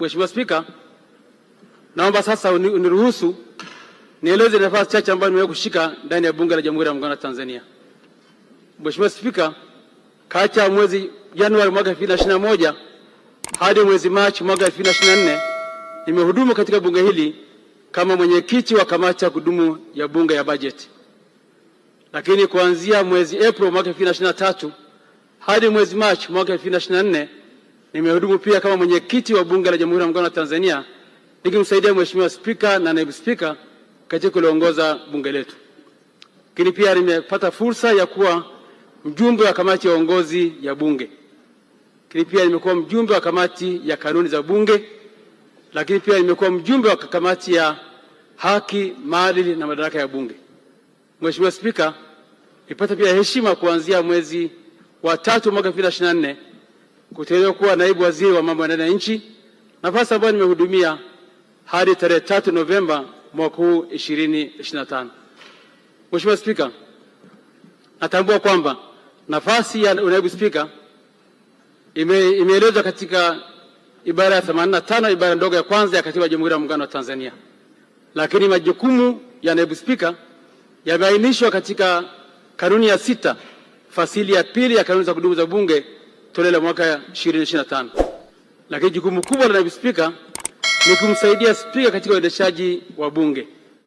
Mheshimiwa Spika, naomba sasa uniruhusu nieleze nafasi chache ambayo nimewahi kushika ndani ya Bunge la Jamhuri ya Muungano wa Tanzania. Mheshimiwa Spika, kati ya mwezi Januari mwaka 2021 hadi mwezi Machi mwaka 2024 nimehudumu katika bunge hili kama mwenyekiti wa kamati ya kudumu ya bunge ya bajeti, lakini kuanzia mwezi Aprili mwaka 2023 hadi mwezi Machi mwaka 2024 Nimehudumu pia kama mwenyekiti wa Bunge la Jamhuri ya Muungano wa Tanzania nikimsaidia Mheshimiwa Spika na Naibu Spika katika kuliongoza bunge letu, lakini pia nimepata fursa ya kuwa mjumbe wa kamati ya uongozi ya bunge, lakini pia nimekuwa mjumbe wa kamati ya kanuni za bunge, lakini pia nimekuwa mjumbe wa kamati ya haki, maadili na madaraka ya bunge. Mheshimiwa Spika, nipata pia heshima kuanzia mwezi wa tatu mwaka 2024 kuteuliwa kuwa naibu waziri wa mambo ya ndani ya nchi, nafasi ambayo nimehudumia hadi tarehe tatu Novemba mwaka huu 2025. Mheshimiwa Spika, natambua kwamba nafasi ya naibu spika ime, imeelezwa katika ibara ya 85 ibara ndogo ya kwanza ya katiba ya Jamhuri ya Muungano wa Tanzania, lakini majukumu ya naibu spika yameainishwa katika kanuni ya sita fasili ya pili ya kanuni za kudumu za Bunge toleo la mwaka 2025. Lakini jukumu kubwa la naibu spika ni kumsaidia spika katika uendeshaji wa bunge.